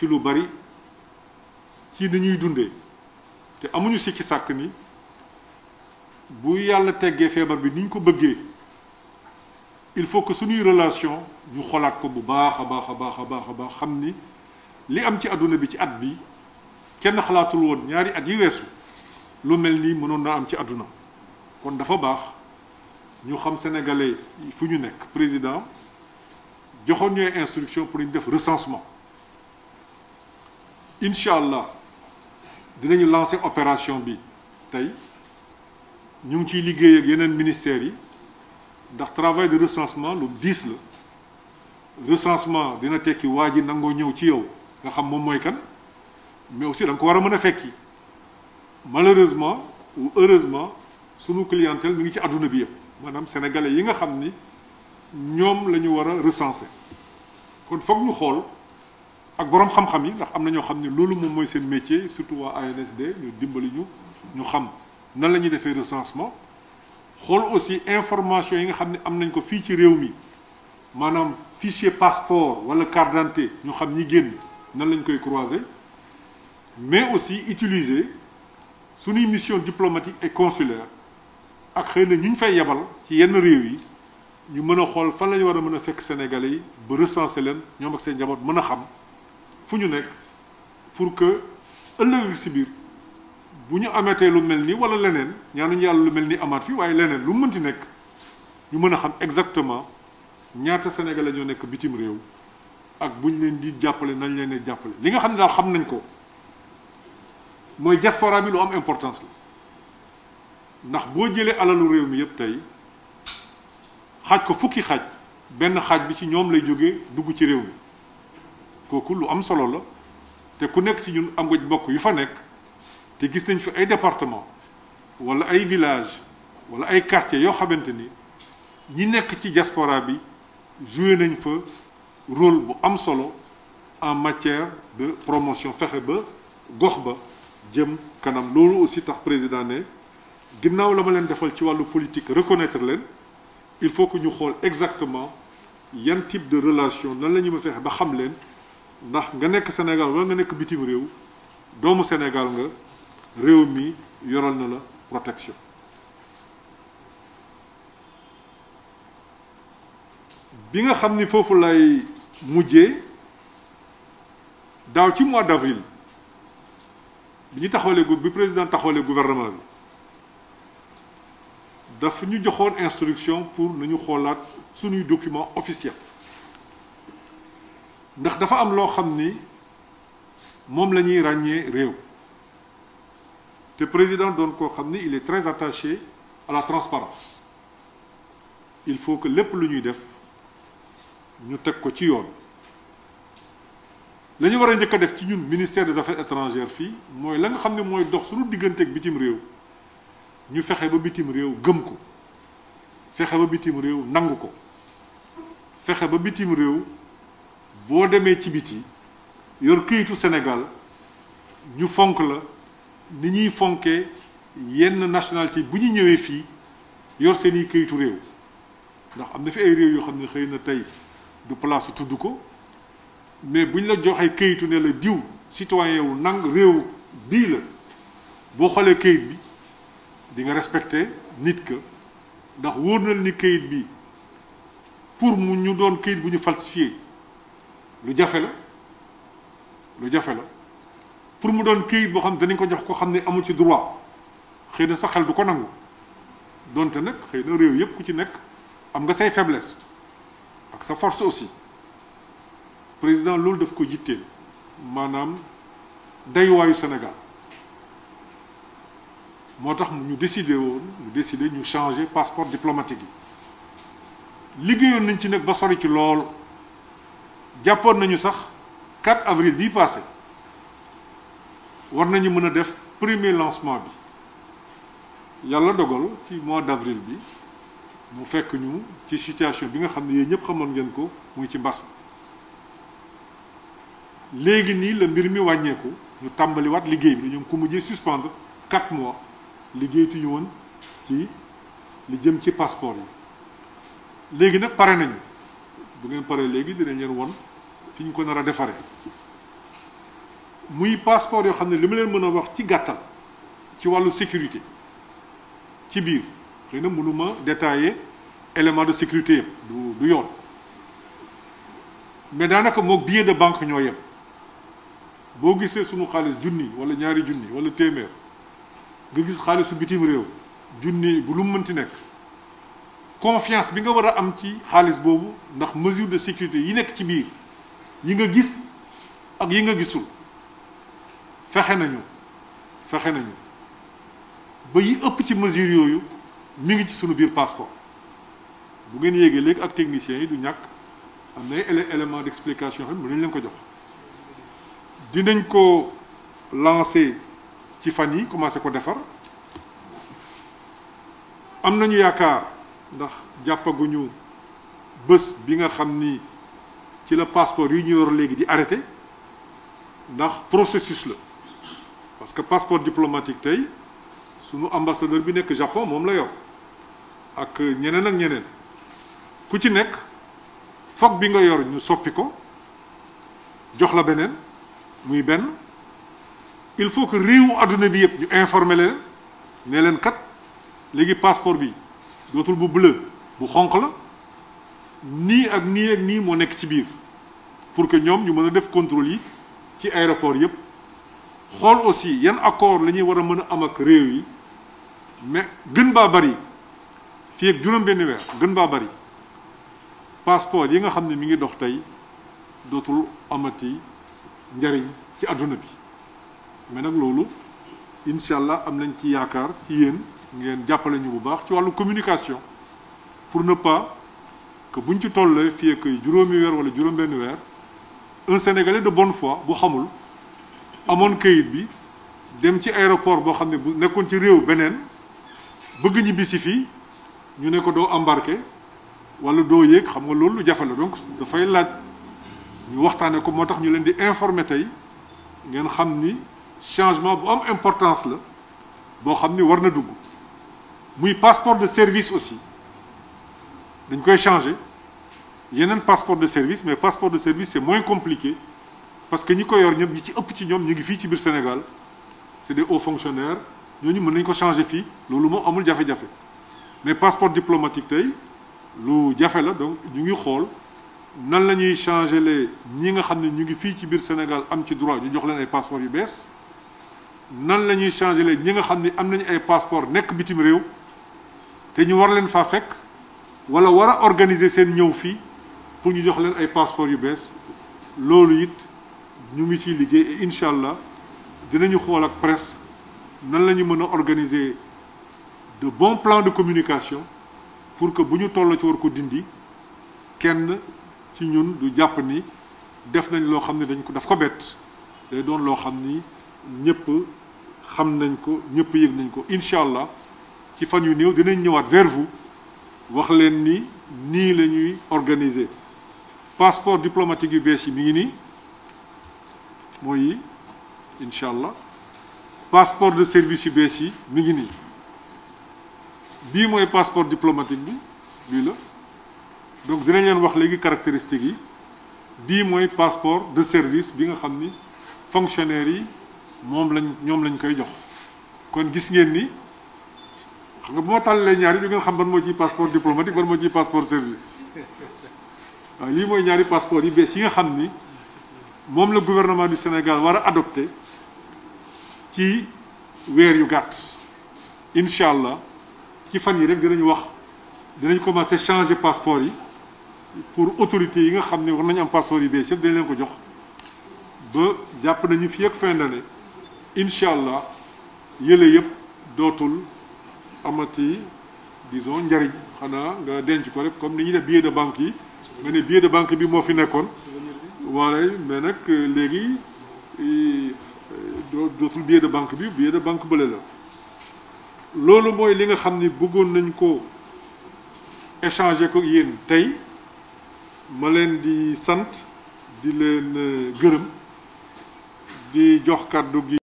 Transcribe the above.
ci lu bari ci ni ñuy dundee te amuñu ci sàkk ni bu yàlla teggee feebar bi ni ñu ko bëggee il faut que suñuy relation ñu xolaat ko bu baax a baax a baax a baax a baax xam ni li am ci àdduna bi ci at bi kenn xalaatul woon ñaari at yi weesu lu mel nii mënoon naa am ci àdduna kon dafa baax ñu xam sénégalais fu ñu nekk président joxoon ñooy instruction pour ñu def recensement incha allah dinañu lancé opération bi tey ñu ngi ciy liggéey ak yeneen ministère yi ndax travail de recensement lu diis la recensement dina tekki waa ji nangoo ñëw ci yow nga xam moom mooy kan mais aussi da nga ko war a mën a fekki malheureusement ou heureusement sunu clientèle mi ngi ci àdduna bi yëpp maanaam sénégalais yi nga xam ni ñoom la ñu war a recenser kon foog ñu xool. ak boroom xam-xam yi ndax am na ñoo xam ne loolu moom mooy seen métier surtout waa ANSD ñu dimbali ñu ñu xam nan la ñuy defee recensement xool aussi information yi nga xam ne am nañ ko fii ci réew mi maanaam fichier passeport wala carte d'identité ñu xam ñi génn nan lañ koy croiser mais aussi utiliser suñuy mission diplomatique et consulaire ak xëy na ñu ñu fay yebal ci yenn réew yi ñu mën a xool fan lañu war a mën a fekk Sénégalais yi ba recenser leen ñoom ak seen njaboot mën a xam fu ñu nekk pour que ëllëg si biir bu ñu amatee lu mel nii wala leneen ñaanuñu yàlla lu mel nii amaat fii waaye leneen lu mënti nekk ñu mën a xam exactement ñaata sénégalais ñoo nekk bitim réew ak bu ñu leen di jàppale nañ leen di jàppale li nga xam ne daal xam nañ ko mooy diaspora bi lu am importance la ndax boo jëlee alalu réew mi yépp tey xaaj ko fukki xaaj benn xaaj bi ci ñoom lay jógee dugg ci réew mi kooku lu am solo la te ku nekk ci ñun am nga mbokk yu fa nekk te gis nañ fi ay département wala ay village wala ay quartier yoo xamante ni ñi nekk ci diaspora bi joué nañ fa rôle bu am solo en matière de promotion fexe ba gox ba jëm kanam loolu aussi tax président ne ginnaaw la ma leen defal ci wàllu politique reconnaître leen il faut que ñu xool exactement yan type de relation nan la ñu ma fexe ba xam leen ndax nga nekk Sénégal wala nga nekk bitim réew doomu Sénégal nga réew mi yoral na la protection bi nga xam ni foofu lay mujjee daaw ci mois d'avril bi ñu taxawlee taxawalee bi président taxawalee gouvernement bi daf ñu joxoon instruction pour nañu xoolaat suñuy document officiel ndax dafa am loo xam ni moom la ñuy ràññee réew te président doon koo xam ni il est très attaché à la transparence il faut que lépp lu ñuy def ñu teg ko ci yoon lañu ñu war a njëkk def ci ñun ministère des affaires étrangères fii mooy la nga xam ne mooy dox suñu diggante ak bitim réew ñu fexe ba bitim réew gëm ko fexe ba bitim réew nangu ko fexe ba bitim réew boo demee ci biti yor këyitu senegal ñu fonk la ni ñuy fonkee yenn nationalité bu ñu ñëwee fii yor seen i këyitu réew ndax am na fi ay réew yoo xam ne xëy na tey du place tudd ko mais bu ñu la joxee këyitu ne la diw citoyen wu nang réew bii la boo xoolee këyit bi di nga respecté nit ka ndax wóor na ni këyit bi pour mu ñu doon këyit bu ñu falsifié lu jafe la lu jafe la pour mu doon kayit boo xam danañ ko jox ko xam ne amul ci droit xëy na sa xel du ko nangu donte nag xëy na réew yëpp ku ci nekk am nga say faiblesse ak sa force aussi président loolu def ko yitteel maanaam dayuwaayu Sénégal moo tax mu ñu décidé woon ñu décidé ñu changer passeport diplomatique yi liggéeyoon nañ ci nekk ba sori ci lool. jàppoon nañu sax 4 avril bii passé war nañu mën a def premier lancement bi yàlla dogal ci mois d' avril bi mu fekk ñu ci situation bi nga xam ne yéen ñëpp xamoon ngeen ko muy ci mbas mi léegi nii la mbir mi wàññeeku ñu tàmbaliwaat liggéey bi dañu ko mujjee suspendre 4 mois liggéeytuñu woon ci li jëm ci passeport yi léegi nag pare nañu bu ngeen pare léegi dinañ leen won fi ñu ko nar a defaree muy passeport yoo xam ne li ma leen mën a wax ci gàttal ci wàllu sécurité ci biir xëy mënuma détailler élément de sécurité yëpp du du yoon mais daanaka moo billet de banque ñoo yem boo gisee sunu xaalis junni wala ñaari junni wala téeméer nga gis xaalisu bitim réew junni bu lu mu mënti nekk confiance bi nga war a am ci xaalis boobu ndax mesure de sécurité yi nekk ci biir yi nga gis ak yi nga gisul fexe nañu fexe nañu ba yi ëpp ci mesure yooyu mi ngi ci sunu biir passeport bu ngeen yéegee léegi ak techniciens yi du ñàkk am na ay élément d'explication xam mën nañ leen ko jox dinañ ko lancer ci fan yi commencé ko defar am nañu yaakaar ndax jàppaguñu bés bi nga xam ni ci la passeport yi ñu yor léegi di arrêté ndax processus la parce que passeport diplomatique tey sunu ambassadeur bi nekk Japon moom la yor ak ñeneen ak ñeneen ku ci nekk foog bi nga yor ñu soppi ko jox la beneen muy benn il faut que réewu àdduna bi yëpp ñu informer leen ne leen kat léegi passeport bi dootul bu bleu bu xonq la nii ak nii ak nii moo nekk ci biir pour que ñoom ñu mën a def contrôle yi ci aéroport yëpp xool aussi yan accord la ñuy war a mën a am ak réew yi mais gën baa bari fii ak juróom-benn weer gën baa bari passeport yi nga xam ne mi ngi dox tey dootul amati njariñ ci àdduna bi mais nag loolu incha allah am nañ ci yaakaar ci yéen ngeen jàppale ñu bu baax ci wàllu communication pour ne pas que bu ñu ci tollee fii ak juróomi weer wala juróom-benn weer un sénégalais de bonne fois bu xamul amoon kayit bi dem ci aéroport boo xam ne bu nekkoon ci réew beneen bëgg ñibbisi fii ñu ne ko doo embarqué wala doo yéeg xam nga loolu lu jafe la donc dafay laaj ñu waxtaanee ko moo tax ñu leen di informer tey ngeen xam ni changement bu am importance la boo xam ni war na dugg muy passeport de service aussi. dañ koy changer yeneen passeport de service mais passeport de service c'est moins compliqué parce que ñi ko yor ñëpp ñi ci ëpp ci ñoom ñu ngi fii ci biir Sénégal c'est des hauts fonctionnaires ñooñu mën nañ ko changer fii loolu moom amul jafe-jafe mais passeport diplomatique tey lu jafe la donc ñu ngi xool nan la ñuy changer les ñi nga xam ne ñu ngi fii ci biir Sénégal am ci droit ñu jox leen ay passeport yu bees nan lañuy ñuy changer les ñi nga xam ne am nañu ay passeport nekk bitim réew te ñu war leen faa fekk wala wara a organiser seen ñëw fii pour ñu jox leen ay passeport yu bees loolu it ñu ngi ciy liggéey et incha allah dinañu xool ak presse nan la ñu mën a organiser de bon plan de communication pour que bu ñu toll ci war ko dindi kenn ci ñun du jàpp ni def nañ loo xam ne dañ ko daf ko bett day doon loo xam ni ñëpp xam nañ ko ñëpp yëg nañ ko incha allah ci fan yu néew dinañ ñëwaat vers vous. wax leen ni nii la ñuy organiser passeport diplomatique yu bees yi mi ngi nii mooy yi incha allah passeport de service yu bees yi mi ngi nii bii mooy passeport diplomatique bi bii la donc dinañ leen wax léegi caractéristiques yi bii mooy passeport de service bi nga xam ni fonctionnaires yi moom lañ ñoom lañ koy jox kon gis ngeen ni xam nga bu ma tàllalee ñaar yi du ngeen xam ban moo ciy passeport diplomatique ban moo ciy passeport service waaye ah, lii mooy ñaari passeport yi bees yi nga xam ni moom la gouvernement du Sénégal war a adopté ci weer yu gàtt incha allah ci fan yi rek dinañ wax dinañ commencé changer passeport yi pour autorités yi nga xam ne war nañu am passeport yu bees yëpp dañ leen ko jox ba jàpp nañu fii yëpp fin d'année allah yële yëpp dootul amati disons njariñ xanaa nga denc ko rek comme ni ñuy def billet de banque yi nga ne billet banque bi moo fi nekkoon wala mais nag euh, léegi euh, dootul billet de banque bi billet banque bële la loolu mooy li nga xam ni bëggoon nañ ko échanger ko yéen tey ma leen di sant di leen euh, gërëm di jox kàddu gi